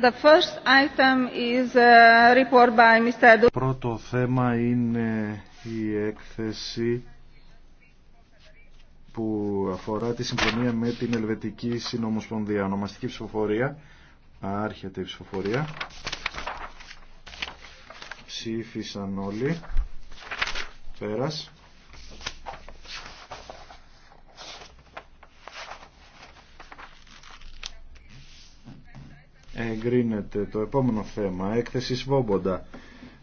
Το Πρώτο θέμα είναι η έκθεση που αφορά τη συμφωνία με την Ελβετική Συνομοσπονδία. Ονομαστική ψηφοφορία. Άρχεται η ψηφοφορία. Ψήφισαν όλοι. Πέρας. εγκρίνεται το επόμενο θέμα έκθεση Σβόμποντα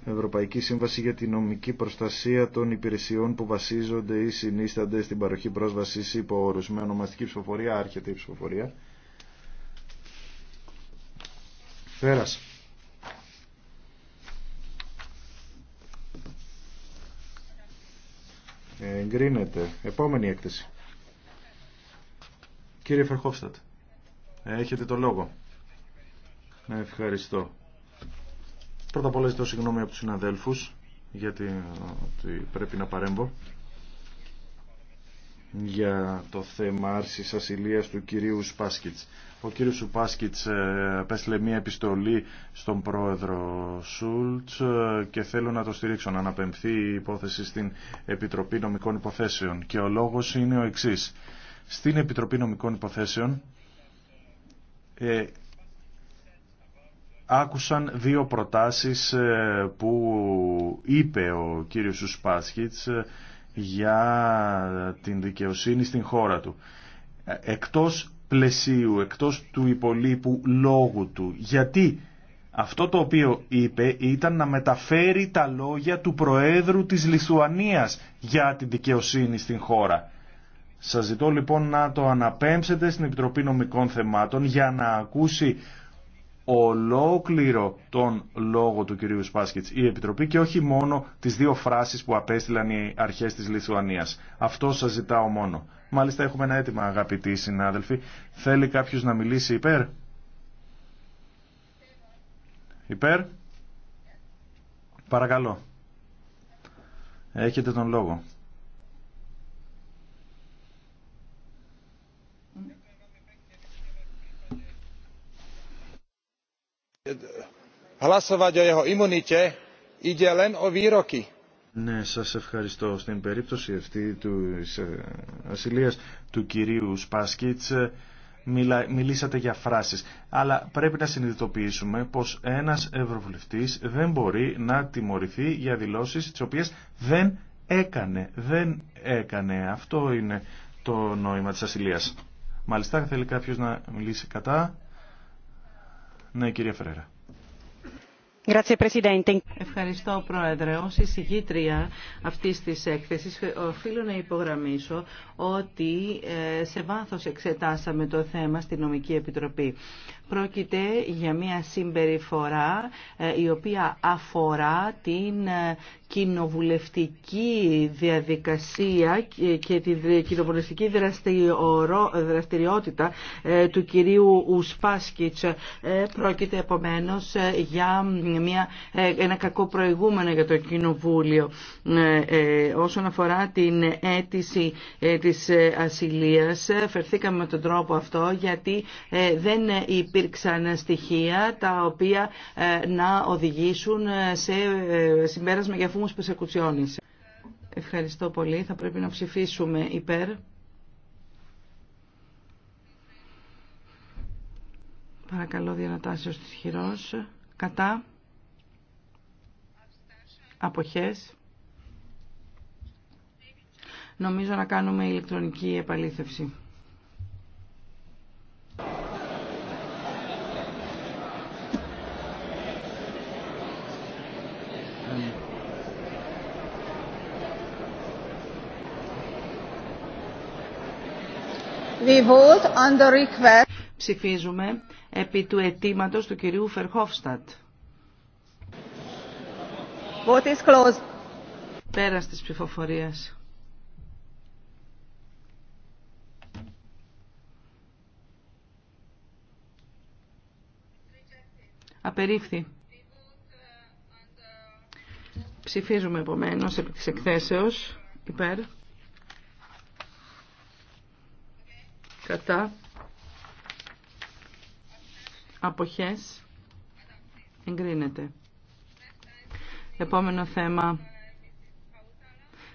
Ευρωπαϊκή Σύμβαση για τη Νομική Προστασία των Υπηρεσιών που βασίζονται ή συνίστανται στην παροχή πρόσβασης υπό όρους με ονομαστική ψηφοφορία άρχεται η ψηφοφορία Πέρας Εγκρίνεται επόμενη έκθεση περασε εγκρινεται επομενη Φερχόφστατ έχετε το λόγο Ευχαριστώ. Πρώτα απ' όλα ζητώ συγγνώμη από τους συναδέλφους γιατί πρέπει να παρέμβω για το θέμα άρσης ασυλίας του κυρίου Σπάσκιτς. Ο κύριος Σπάσκιτς ε, πέστειλε μία επιστολή στον πρόεδρο Σούλτς ε, και θέλω να το στηρίξω, να αναπεμφθεί η υπόθεση στην Επιτροπή Νομικών Υποθέσεων. Και ο λόγος είναι ο εξής. Στην Επιτροπή Νομικών Υποθέσεων ε, άκουσαν δύο προτάσεις ε, που είπε ο κύριος Σουσπάσχιτς ε, για την δικαιοσύνη στην χώρα του. Εκτός πλαισίου, εκτός του υπολείπου λόγου του. Γιατί αυτό το οποίο είπε ήταν να μεταφέρει τα λόγια του Προέδρου της Λιθουανίας για την δικαιοσύνη στην χώρα. Σας ζητώ λοιπόν να το αναπέμψετε στην Επιτροπή Νομικών Θεμάτων για να ακούσει ολόκληρο τον λόγο του κυρίου Σπάσκετς η Επιτροπή και όχι μόνο τις δύο φράσεις που απέστειλαν οι αρχές της Λιθουανίας. Αυτό σας ζητάω μόνο. Μάλιστα έχουμε ένα αίτημα αγαπητοί συνάδελφοι. Θέλει κάποιος να μιλήσει υπέρ. Υπέρ. Παρακαλώ. Έχετε τον λόγο. Ναι, σας ευχαριστώ. Στην περίπτωση αυτή του ε, ασυλία του κυρίου Σπάσκιτ, ε, μιλήσατε για φράσεις. Αλλά πρέπει να συνειδητοποιήσουμε πως ένας ευρωβουλευτής δεν μπορεί να τιμωρηθεί για δηλώσει τις οποίες δεν έκανε. Δεν έκανε. Αυτό είναι το νόημα τη Ασυλία. Μάλιστα, θέλει κάποιο να μιλήσει κατά. Ναι, κυρία Φρέρα. Ευχαριστώ, Πρόεδρε. Ω εισηγήτρια αυτή τη έκθεση, οφείλω να υπογραμμίσω ότι ε, σε βάθο εξετάσαμε το θέμα στη Νομική Επιτροπή. Πρόκειται για μια συμπεριφορά ε, η οποία αφορά την ε, κοινοβουλευτική διαδικασία και τη κοινοβουλευτική δραστηριότητα ε, του κυρίου Ουσπάσκιτς ε, πρόκειται επομένως ε, για μια, ένα κακό προηγούμενο για το Κοινοβούλιο όσον αφορά την αίτηση της ασυλίας φερθήκαμε με τον τρόπο αυτό γιατί δεν υπήρξαν στοιχεία τα οποία να οδηγήσουν σε συμπέρασμα για Ευχαριστώ πολύ. Θα πρέπει να ψηφίσουμε υπέρ. Παρακαλώ διανατάσεως της χειρός. Κατά. Αποχές. Νομίζω να κάνουμε ηλεκτρονική επαλήθευση. We vote on Ψηφίζουμε επί του αιτήματο του κυρίου Φερχόφστατ. Vote is closed. Πέρας της ψηφοφορίας. Απερίφθη. Ψηφίζουμε επομένως επί της εκθέσεως υπέρ. κατά αποχές εγκρίνεται. Επόμενο θέμα.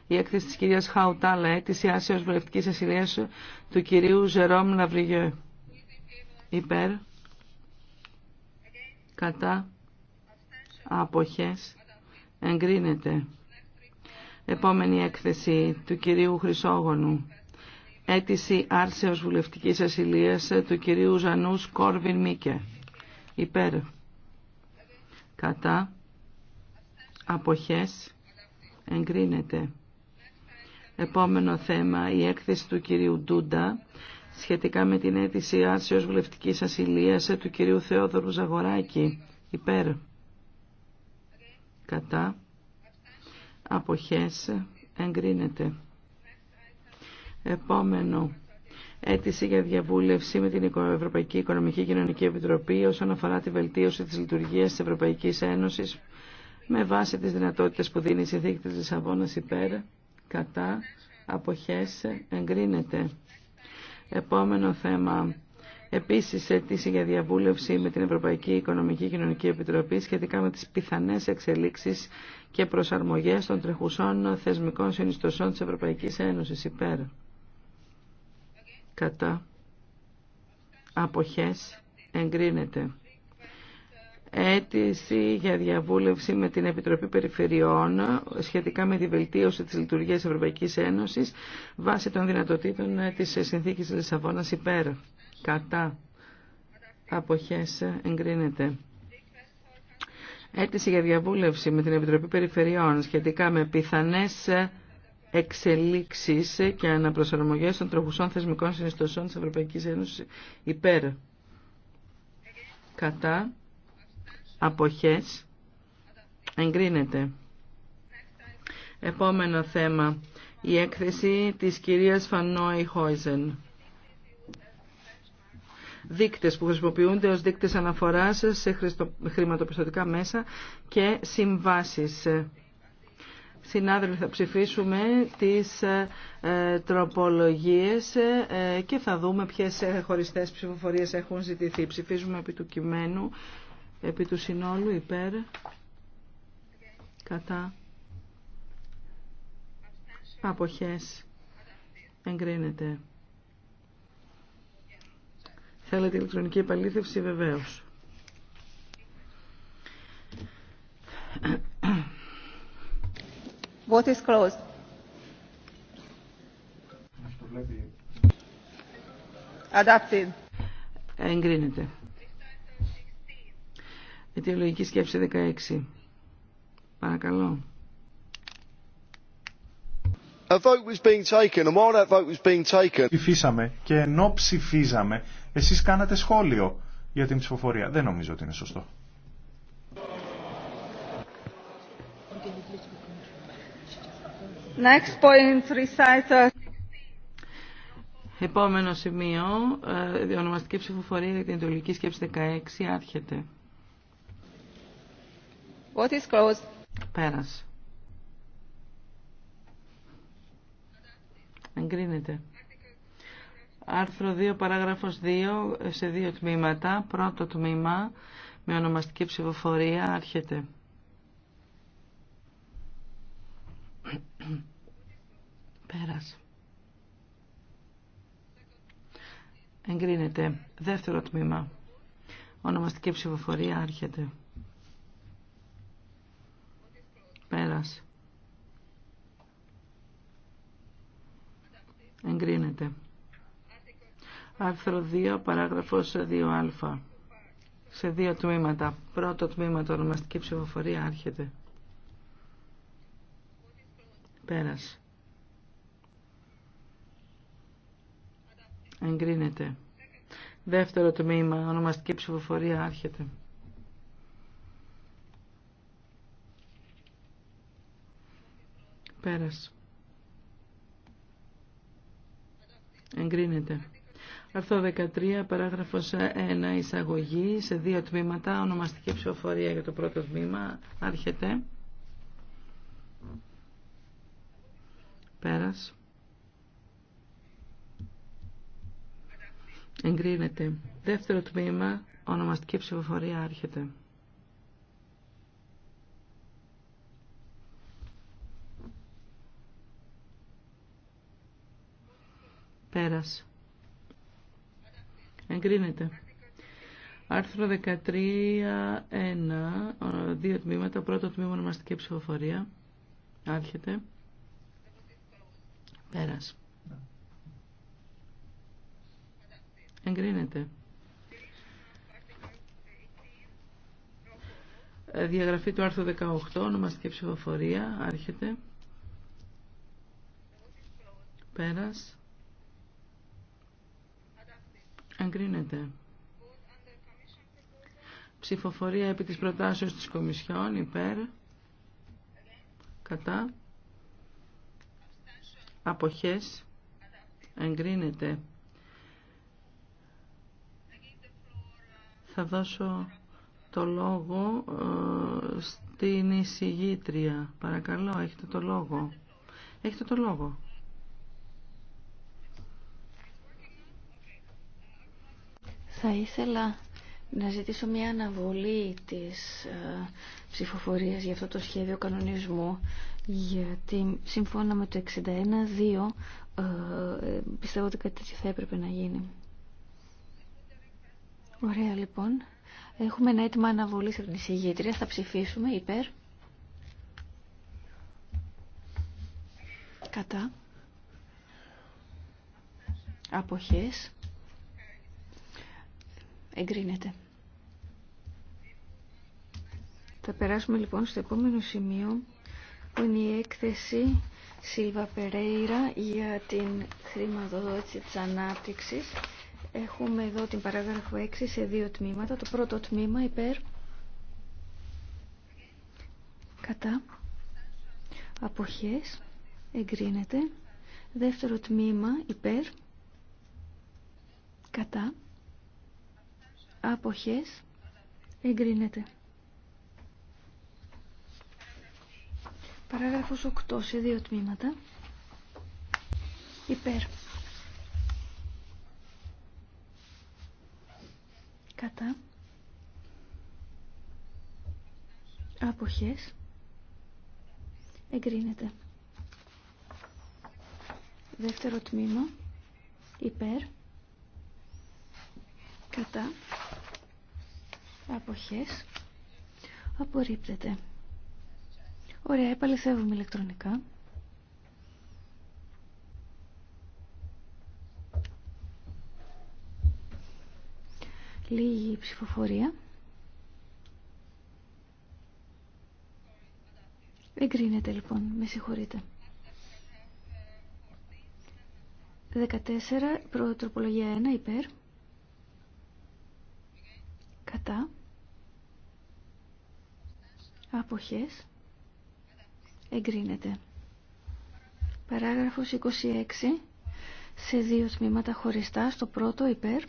Η έκθεση της κυρίας Χαουτάλα, αίτηση άσεως βουλευτικής ασυλίας του κυρίου Ζερόμ Λαβριγιώ. Υπέρ. Κατά. Αποχές. Εγκρίνεται. Επόμενη έκθεση του κυρίου Χρυσόγονου Έτηση ε άρσεως βουλευτικής ασυλίας ε, του κυρίου Ζανούς Κόρβιν Μίκε. Υπέρ. Κατά. Αποχές. Εγκρίνεται. Επόμενο θέμα, η έκθεση του κυρίου Ντούντα σχετικά με την αίτηση άρσεως βουλευτικής ασυλίας ε, του κυρίου Θεόδωρου Ζαγοράκη. Υπέρ. Κατά. Αποχές. Εγκρίνεται. Επόμενο αίτηση για διαβούλευση με την Ευρωπαϊκή Οικονομική Κοινωνική Επιτροπή όσον αφορά τη βελτίωση της λειτουργίας της Ευρωπαϊκής Ένωσης με βάση τις δυνατότητες που δίνει η συνθήκη της Λισαβόνας υπέρ, κατά, αποχές, εγκρίνεται. Επόμενο θέμα. Επίσης, αίτηση για διαβούλευση με την Ευρωπαϊκή Οικονομική Κοινωνική Επιτροπή σχετικά με τις πιθανές εξελίξεις και προσαρμογές των τρεχουσών θεσμικών συνιστοσών της Ευρωπαϊκής Ένωσης υπέρ κατά αποχές εγκρίνεται. έτηση για διαβούλευση με την Επιτροπή Περιφερειών σχετικά με τη βελτίωση της λειτουργίας Ευρωπαϊκής Ένωσης βάσει των δυνατοτήτων της Συνθήκης της Λισαβόνας υπέρ. Κατά αποχές εγκρίνεται. έτηση για διαβούλευση με την Επιτροπή Περιφερειών σχετικά με πιθανές Εξελίξει και αναπροσαρμογέ των τροχουσών θεσμικών συνιστοσών τη ευρωπαϊκή Ένωση υπέρ κατά αποχές εγκρίνεται. Επόμενο θέμα. Η έκθεση της κυρίας Φανόη Χόιζεν. Δείκτες που χρησιμοποιούνται ως δείκτες αναφοράς σε χρηματοπιστωτικά μέσα και συμβάσεις. Συνάδελφοι, θα ψηφίσουμε τις ε, ε, τροπολογίες ε, και θα δούμε ποιες χωριστές ψηφοφορίες έχουν ζητηθεί. Ψηφίζουμε επί του κειμένου, επί του συνόλου, υπέρ, κατά, αποχές, εγκρίνεται. Θέλετε ηλεκτρονική επαλήθευση, βεβαίως. Vote is closed. Adapted. Εγκρίνεται. Αιτιολογική σκέψη 16. Παρακαλώ. Ψηφίσαμε και ενώ ψηφίζαμε, εσείς κάνατε σχόλιο για την ψηφοφορία. Δεν νομίζω ότι είναι σωστό. Επόμενο σημείο, η ε, ονομαστική ψηφοφορία για την ιδεολογική σκέψη 16, άρχεται. What is closed? Πέρας. Εγκρίνεται. Άρθρο 2, παράγραφος 2, σε δύο τμήματα. Πρώτο τμήμα, με ονομαστική ψηφοφορία, άρχεται. Πέρας. Εγκρίνεται. Δεύτερο τμήμα. Ονομαστική ψηφοφορία άρχεται. Πέρας. Εγκρίνεται. Άρθρο 2, παράγραφος 2α. Σε δύο τμήματα. Πρώτο τμήμα, το ονομαστική ψηφοφορία άρχεται. Πέρας. Εγκρίνεται. Δεύτερο τμήμα, ονομαστική ψηφοφορία, άρχεται. Πέρας. Εγκρίνεται. Αρθό 13, παράγραφος 1, εισαγωγή σε δύο τμήματα, ονομαστική ψηφοφορία για το πρώτο τμήμα, άρχεται. Πέρας. Εγκρίνεται. Δεύτερο τμήμα, ονομαστική ψηφοφορία άρχεται. Πέρας. Εγκρίνεται. Άρθρο 13.1. Δύο τμήματα. Πρώτο τμήμα ονομαστική ψηφοφορία. Άρχεται. Πέρας. Εγκρίνεται. Ε, διαγραφή του άρθρου 18, ονομαστική ψηφοφορία, άρχεται. Πέρας. Εγκρίνεται. Ψηφοφορία επί της προτάσεως της Κομισιόν, υπέρ. Κατά. Αποχές. Εγκρίνεται. θα δώσω το λόγο ε, στην εισηγήτρια. Παρακαλώ, έχετε το λόγο. Έχετε το λόγο. Θα ήθελα να ζητήσω μια αναβολή της ε, ψηφοφορίας για αυτό το σχέδιο κανονισμού γιατί σύμφωνα με το 61.2 ε, πιστεύω ότι κάτι τέτοιο θα έπρεπε να γίνει. Ωραία λοιπόν. Έχουμε ένα αίτημα αναβολή από την εισηγήτρια. Θα ψηφίσουμε υπέρ. Κατά. Αποχές. Εγκρίνεται. Θα περάσουμε λοιπόν στο επόμενο σημείο που είναι η έκθεση Σίλβα Περέιρα για την χρηματοδότηση της ανάπτυξης Έχουμε εδώ την παράγραφο 6 σε δύο τμήματα. Το πρώτο τμήμα υπέρ κατά αποχές εγκρίνεται. Δεύτερο τμήμα υπέρ κατά αποχές εγκρίνεται. Παράγραφος 8 σε δύο τμήματα. Υπέρ. κατά αποχές εγκρίνεται. Δεύτερο τμήμα υπέρ κατά αποχές απορρίπτεται. Ωραία, επαληθεύουμε ηλεκτρονικά. Λίγη ψηφοφορία. Εγκρίνεται λοιπόν, με συγχωρείτε. 14, προτροπολογία 1, υπέρ. Κατά. Αποχές. Εγκρίνεται. Παράγραφος 26. Σε δύο τμήματα χωριστά, στο πρώτο υπέρ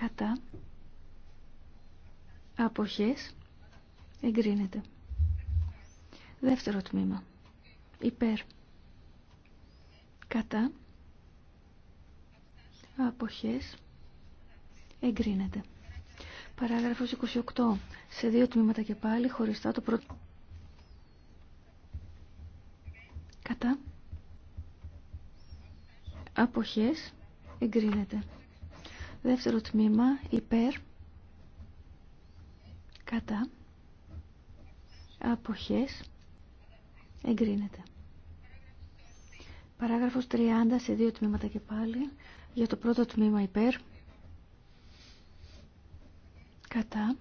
κατά αποχές εγκρίνεται. Δεύτερο τμήμα. Υπέρ. Κατά. Αποχές. Εγκρίνεται. Παράγραφος 28. Σε δύο τμήματα και πάλι χωριστά το πρώτο. Κατά. Αποχές. Εγκρίνεται. Δεύτερο τμήμα υπέρ κατά αποχές εγκρίνεται. Παράγραφος 30 σε δύο τμήματα και πάλι. Για το πρώτο τμήμα υπέρ κατά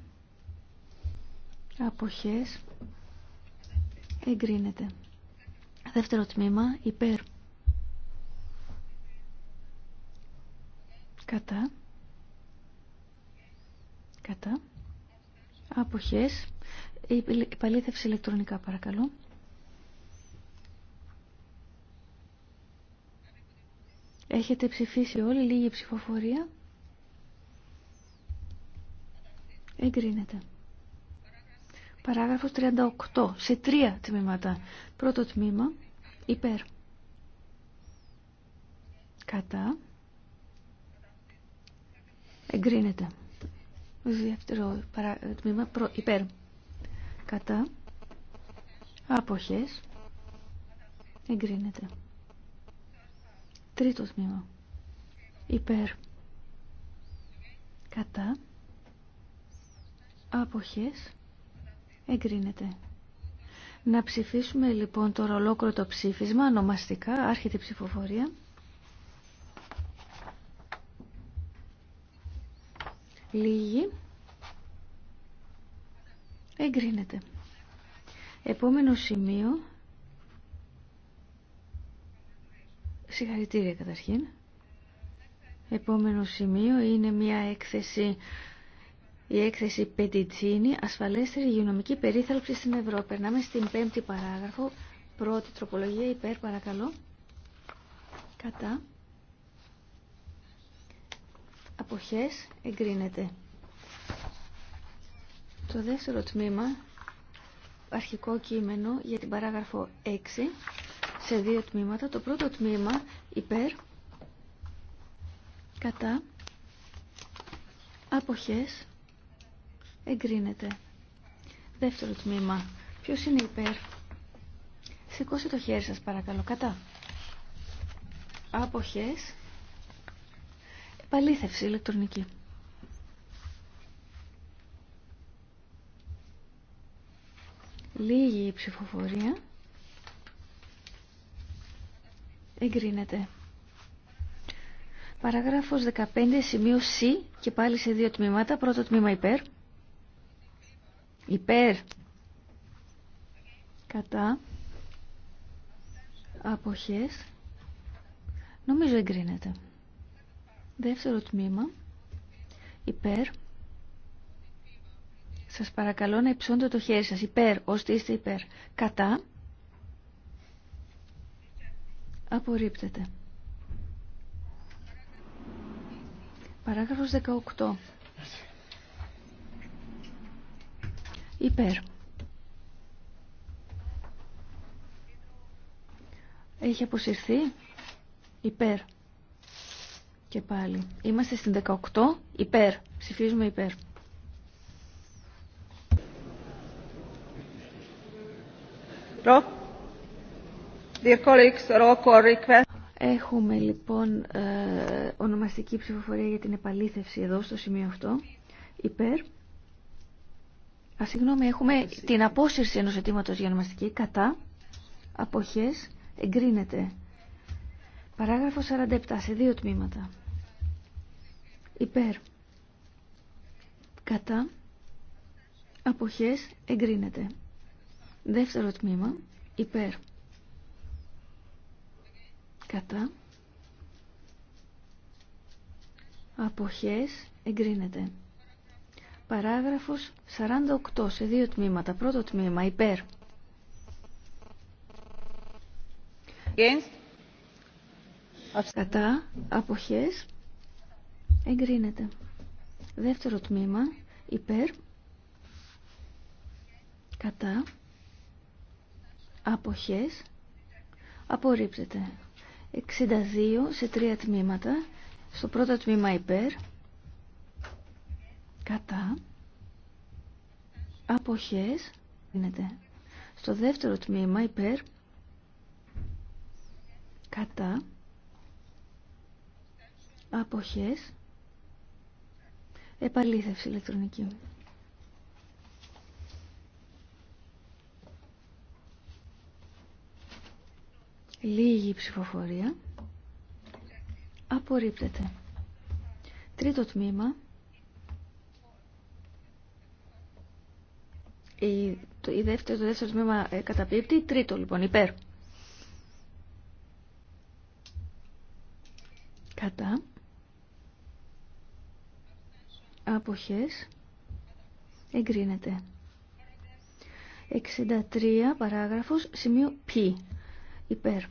αποχές εγκρίνεται. Δεύτερο τμήμα υπέρ κατά Κατά. Αποχές. Η παλήθευση ηλεκτρονικά παρακαλώ. Έχετε ψηφίσει όλη λίγη ψηφοφορία. Εγκρίνεται. Παράγραφος 38. Σε τρία τμήματα. Πρώτο τμήμα. Υπέρ. Κατά. Εγκρίνεται. Δεύτερο ε, τμήμα προ, υπέρ. Κατά. Αποχές. Εγκρίνεται. Τρίτο τμήμα. Υπέρ. Κατά. Αποχές. Εγκρίνεται. Να ψηφίσουμε λοιπόν το ολόκληρο το ψήφισμα, ονομαστικά, άρχεται ψηφοφορία. Λίγη. Εγκρίνεται. Επόμενο σημείο. Συγχαρητήρια καταρχήν. Επόμενο σημείο είναι μια έκθεση, η έκθεση Πεντιτσίνη, ασφαλέστερη υγειονομική περίθαλψη στην Ευρώπη. Περνάμε στην πέμπτη παράγραφο, πρώτη τροπολογία υπέρ, παρακαλώ. Κατά αποχές εγκρίνεται. Το δεύτερο τμήμα, αρχικό κείμενο για την παράγραφο 6, σε δύο τμήματα. Το πρώτο τμήμα υπέρ, κατά, αποχές, εγκρίνεται. Δεύτερο τμήμα, ποιος είναι υπέρ. Σηκώστε το χέρι σας παρακαλώ, κατά. Αποχές, Παλήθευση ηλεκτρονική. Λίγη η ψηφοφορία. Εγκρίνεται. Παραγράφος 15 σημείο C και πάλι σε δύο τμήματα. Πρώτο τμήμα υπέρ. Υπέρ. Κατά. Αποχές. Νομίζω εγκρίνεται. Δεύτερο τμήμα. Υπέρ. Σας παρακαλώ να υψώνετε το χέρι σας. Υπέρ, ώστε είστε υπέρ. Κατά. Απορρίπτεται. Παράγραφος 18. Υπέρ. Έχει αποσυρθεί. Υπέρ. Και πάλι. Είμαστε στην 18. Υπέρ. Ψηφίζουμε υπέρ. Έχουμε λοιπόν ε, ονομαστική ψηφοφορία για την επαλήθευση εδώ στο σημείο αυτό. Υπέρ. Α, συγγνώμη, έχουμε την απόσυρση ενός αιτήματος για ονομαστική. Κατά. Αποχές. Εγκρίνεται. Παράγραφο 47 σε δύο τμήματα υπέρ κατά αποχές εγκρίνεται δεύτερο τμήμα υπέρ κατά αποχές εγκρίνεται παράγραφος 48 σε δύο τμήματα πρώτο τμήμα υπέρ Κατά αποχές εγκρίνεται. Δεύτερο τμήμα υπέρ κατά αποχές απορρίπτεται. 62 σε τρία τμήματα. Στο πρώτο τμήμα υπέρ κατά αποχές Εγκρίνεται. Στο δεύτερο τμήμα υπέρ κατά αποχές Επαλήθευση ηλεκτρονική. Λίγη ψηφοφορία. Απορρίπτεται. Τρίτο τμήμα. Η, το, η δεύτερο, το δεύτερο τμήμα ε, καταπίπτει. Τρίτο λοιπόν υπέρ. Κατά αποχές εγκρίνεται. 63 παράγραφος σημείο π υπέρ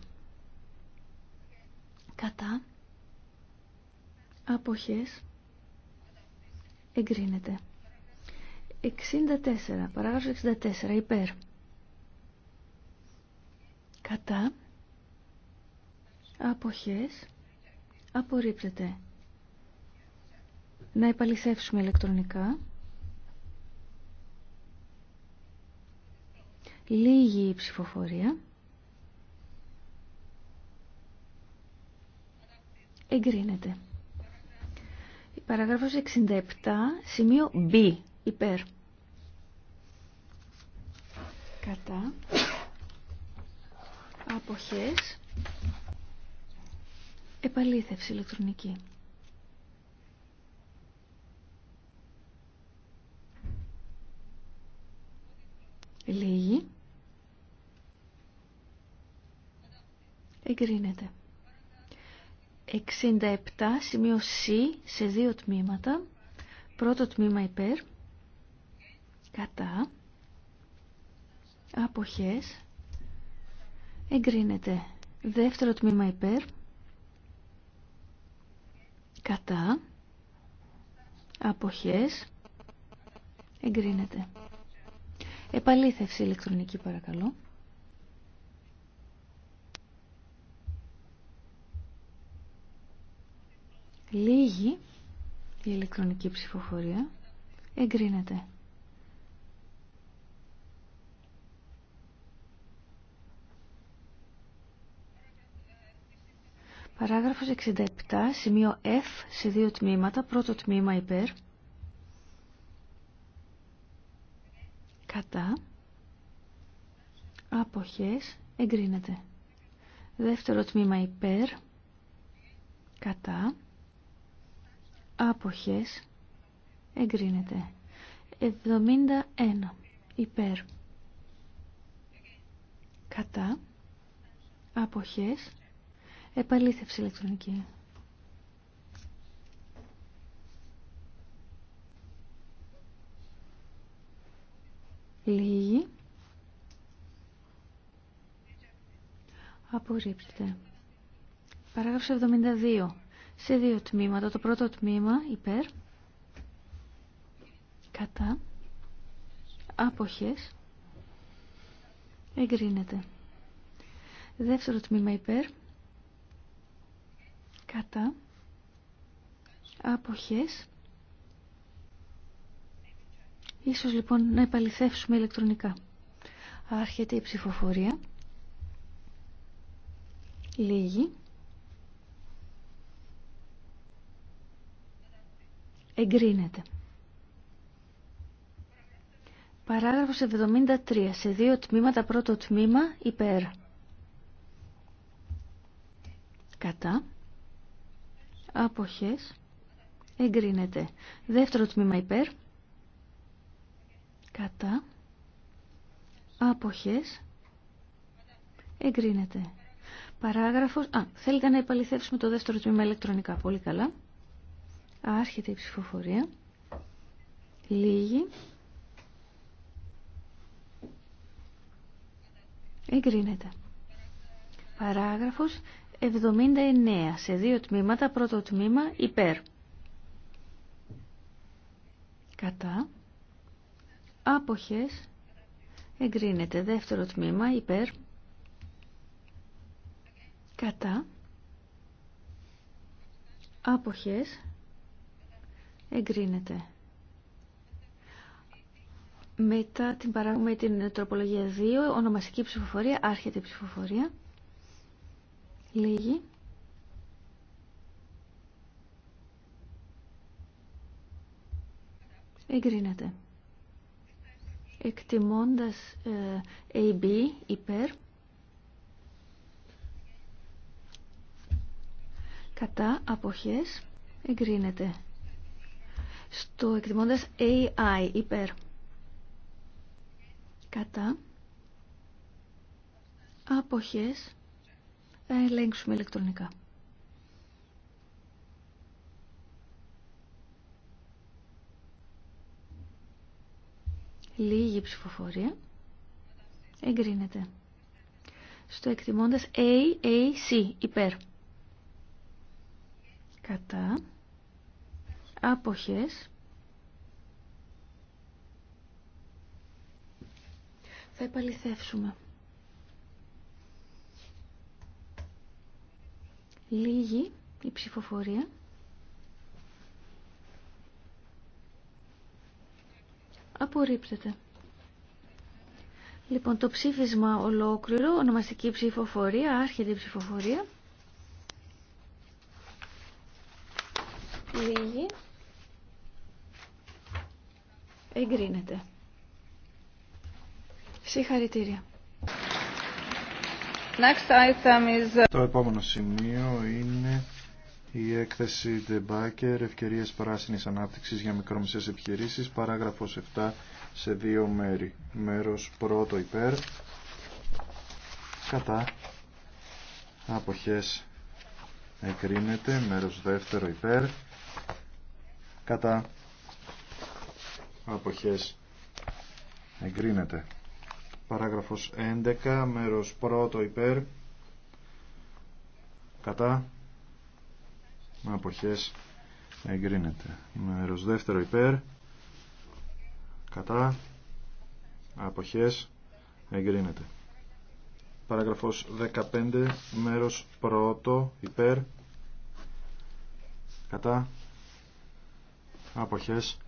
κατά αποχές εγκρίνεται. 64 παράγραφος 64 υπέρ κατά αποχές απορρίπτεται να επαληθεύσουμε ηλεκτρονικά. Λίγη η ψηφοφορία. Εγκρίνεται. Η παραγράφος 67, σημείο B, υπέρ. Κατά. Αποχές. Επαλήθευση ηλεκτρονική. εγκρίνεται. 67 σημείο C σε δύο τμήματα. Πρώτο τμήμα υπέρ, κατά, αποχές, εγκρίνεται. Δεύτερο τμήμα υπέρ, κατά, αποχές, εγκρίνεται. Επαλήθευση ηλεκτρονική παρακαλώ. Λίγη η ηλεκτρονική ψηφοφορία εγκρίνεται. Παράγραφος 67, σημείο F σε δύο τμήματα, πρώτο τμήμα υπέρ, κατά, αποχές, εγκρίνεται. Δεύτερο τμήμα υπέρ, κατά, άποχες εγκρίνεται 71 υπέρ κατά άποχες επαλήθευση ηλεκτρονική λίγη απορρίπτεται παράγραφος 72 σε δύο τμήματα. Το πρώτο τμήμα υπέρ, κατά, άποχες, εγκρίνεται. Δεύτερο τμήμα υπέρ, κατά, άποχες, Ίσως λοιπόν να επαληθεύσουμε ηλεκτρονικά. Άρχεται η ψηφοφορία. Λίγη. Εγκρίνεται. Παράγραφος 73. Σε δύο τμήματα πρώτο τμήμα υπέρ. Κατά. Αποχές. Εγκρίνεται. Δεύτερο τμήμα υπέρ. Κατά. Αποχές. Εγκρίνεται. Παράγραφος... Α, θέλετε να υπαλληθεύσουμε το δεύτερο τμήμα ηλεκτρονικά. Πολύ καλά. Άρχεται η ψηφοφορία. Λίγη. Εγκρίνεται. Παράγραφος 79. Σε δύο τμήματα. Πρώτο τμήμα υπέρ. Κατά. Άποχες. Εγκρίνεται. Δεύτερο τμήμα υπέρ. Κατά. Άποχες εγκρίνεται. Μετά την παράγουμε την τροπολογία 2, ονομαστική ψηφοφορία, άρχεται η ψηφοφορία. Λίγη. Εγκρίνεται. Εκτιμώντας ε, AB υπέρ. Κατά αποχές εγκρίνεται στο εκτιμώντας AI υπέρ κατά αποχές θα ελέγξουμε ηλεκτρονικά. Λίγη ψηφοφορία. Εγκρίνεται. Στο εκτιμώντας AAC υπέρ. Κατά αποχές θα επαληθεύσουμε. Λίγη η ψηφοφορία. Απορρίπτεται. Λοιπόν, το ψήφισμα ολόκληρο, ονομαστική ψηφοφορία, άρχεται η ψηφοφορία. Λίγη. Εγκρίνεται. Συγχαρητήρια. Uh, Το επόμενο σημείο είναι η έκθεση DeBacker Ευκαιρίες Πράσινης Ανάπτυξης για Μικρομεσαίες Επιχειρήσεις παράγραφος 7 σε δύο μέρη. Μέρος πρώτο υπέρ κατά αποχές εγκρίνεται. Μέρος δεύτερο υπέρ κατά αποχές εγκρίνεται παράγραφος 11 μέρος πρώτο υπέρ κατά αποχές εγκρίνεται μέρος δεύτερο υπέρ κατά αποχές εγκρίνεται παράγραφος 15 μέρος πρώτο υπέρ κατά αποχές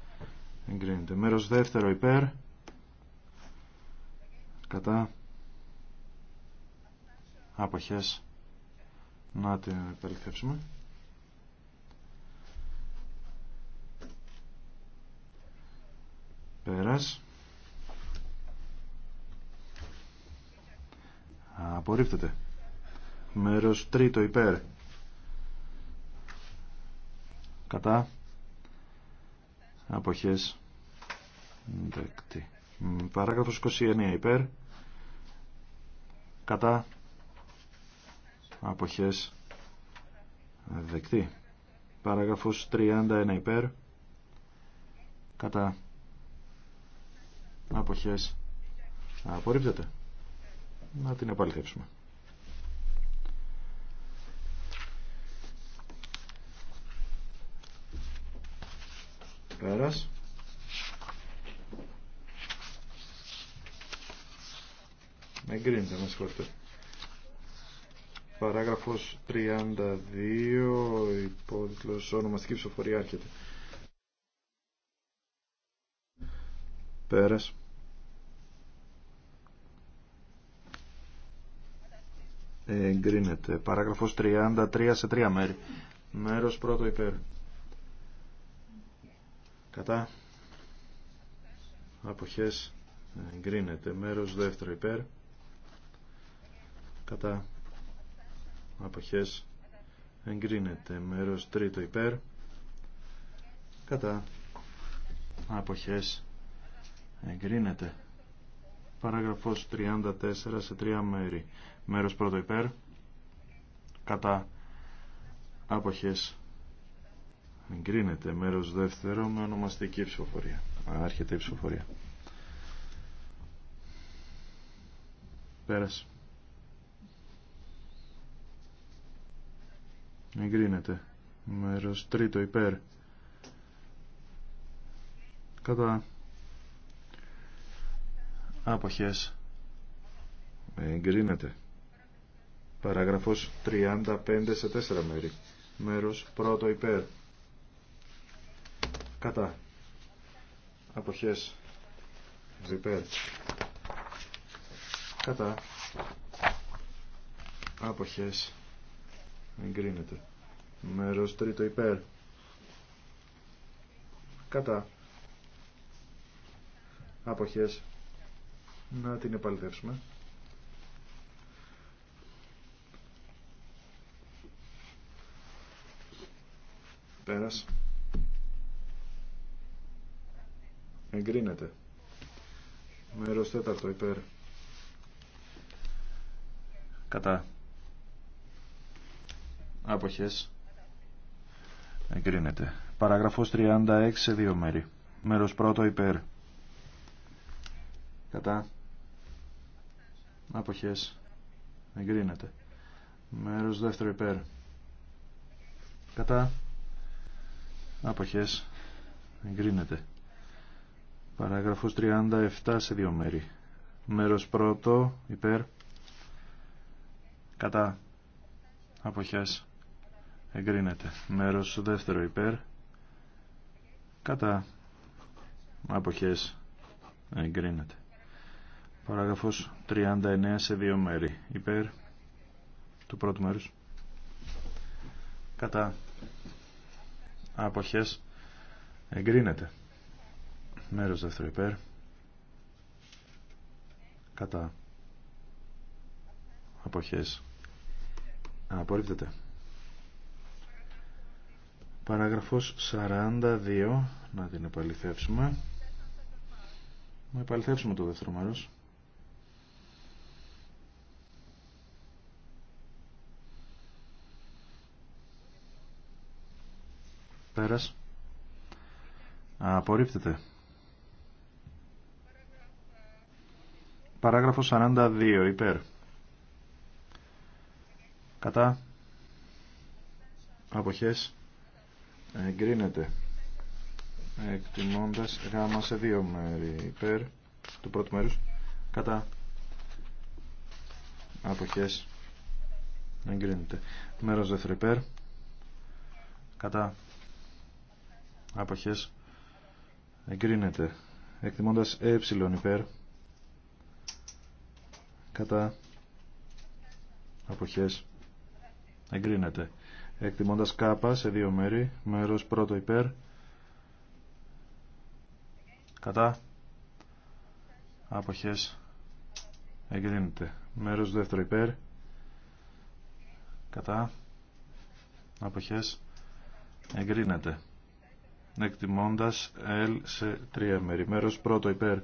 Εγκρίνεται. Μέρος δεύτερο υπέρ. Κατά. Αποχές. Να την επαληθεύσουμε. Πέρας. Απορρίπτεται. Μέρος τρίτο υπέρ. Κατά αποχές δεκτή παράγραφος 29 υπέρ κατά αποχές δεκτή παράγραφος 31 υπέρ κατά αποχές απορρίπτεται να την επαληθεύσουμε Πέρας. Εγκρίνεται, με συγχωρείτε. Παράγραφος 32, υπότιτλος ονομαστική ψηφοφορία έρχεται». Πέρας. Εγκρίνεται. Παράγραφος 33 σε τρία μέρη. Μέρος πρώτο υπέρ κατά αποχές εγκρίνεται μέρος δεύτερο υπέρ κατά αποχές εγκρίνεται μέρος τρίτο υπέρ κατά αποχές εγκρίνεται παράγραφος 34 σε τρία μέρη μέρος πρώτο υπέρ κατά αποχές Εγκρίνεται μέρος δεύτερο με ονομαστική ψηφοφορία. Άρχεται η ψηφοφορία. Πέρασε. Εγκρίνεται. Μέρος τρίτο υπέρ. Κατά. Άποχες. Εγκρίνεται. Παράγραφος 35 σε 4 μέρη. Μέρος πρώτο υπέρ κατά αποχές υπέρ κατά αποχές εγκρίνεται μέρος τρίτο υπέρ κατά αποχές να την επαληθεύσουμε πέρας Εγκρίνεται. Μέρος τέταρτο υπέρ. Κατά. Άποχες. Εγκρίνεται. Παραγραφός 36 σε δύο μέρη. Μέρος πρώτο υπέρ. Κατά. Άποχες. Εγκρίνεται. Μέρος δεύτερο υπέρ. Κατά. Άποχες. Εγκρίνεται. Παράγραφος 37 σε δύο μέρη. Μέρος πρώτο, υπέρ, κατά, αποχές, εγκρίνεται. Μέρος δεύτερο, υπέρ, κατά, αποχές, εγκρίνεται. Παράγραφος 39 σε δύο μέρη. Υπέρ του πρώτου μέρους. Κατά αποχές εγκρίνεται μέρος δεύτερο υπέρ κατά αποχές απορρίπτεται παράγραφος 42 να την επαληθεύσουμε να επαληθεύσουμε το δεύτερο μέρος πέρας απορρίπτεται Παράγραφο 42 υπέρ. Κατά. Αποχές. Εγκρίνεται. Εκτιμώντας γάμα σε δύο μέρη υπέρ του πρώτου μέρους. Κατά. Αποχές. Εγκρίνεται. Μέρος δεύτερο υπέρ. Κατά. Αποχές. Εγκρίνεται. Εκτιμώντας ε, ε υπέρ κατά αποχές εγκρίνεται εκτιμώντας κάπα σε δύο μέρη μέρος πρώτο υπέρ κατά αποχές εγκρίνεται μέρος δεύτερο υπέρ κατά αποχές εγκρίνεται εκτιμώντας L σε τρία μέρη μέρος πρώτο υπέρ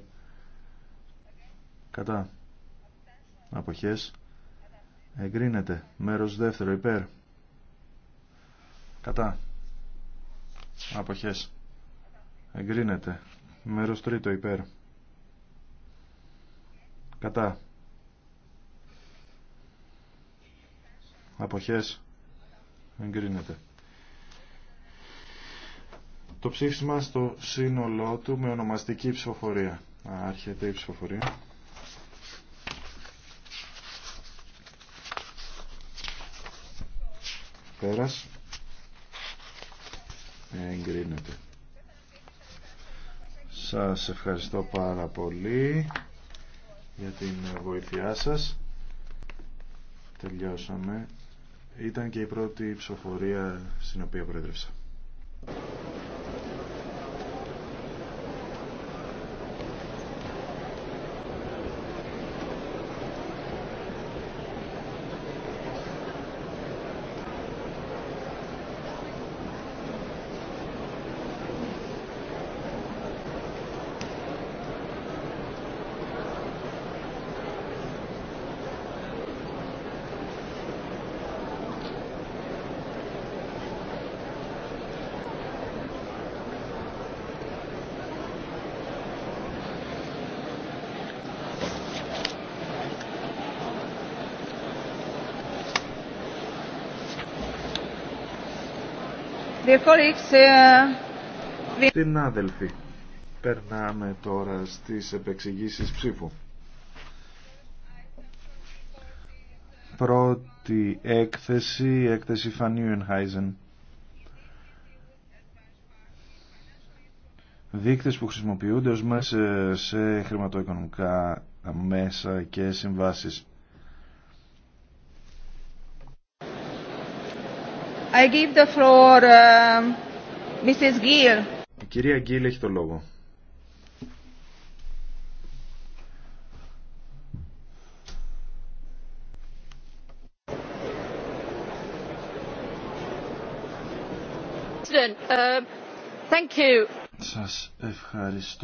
κατά αποχές εγκρίνεται μέρος δεύτερο υπέρ κατά αποχές εγκρίνεται μέρος τρίτο υπέρ κατά αποχές εγκρίνεται το ψήφισμα στο σύνολό του με ονομαστική ψηφοφορία άρχεται η ψηφοφορία Πέρας. Εγκρίνεται. Σας ευχαριστώ πάρα πολύ για την βοήθειά σας. Τελειώσαμε. Ήταν και η πρώτη ψηφοφορία στην οποία προέδρευσα. Την ε, άδελφη. Περνάμε τώρα στις επεξηγήσεις ψήφου. Πρώτη έκθεση, έκθεση Χάιζεν. Δείκτες που χρησιμοποιούνται ως μέσα σε χρηματοοικονομικά μέσα και συμβάσεις. I give the floor, uh, um, Mrs. Gill. Η κυρία Γκίλ έχει το λόγο. Um, thank you. Σας ευχαριστώ.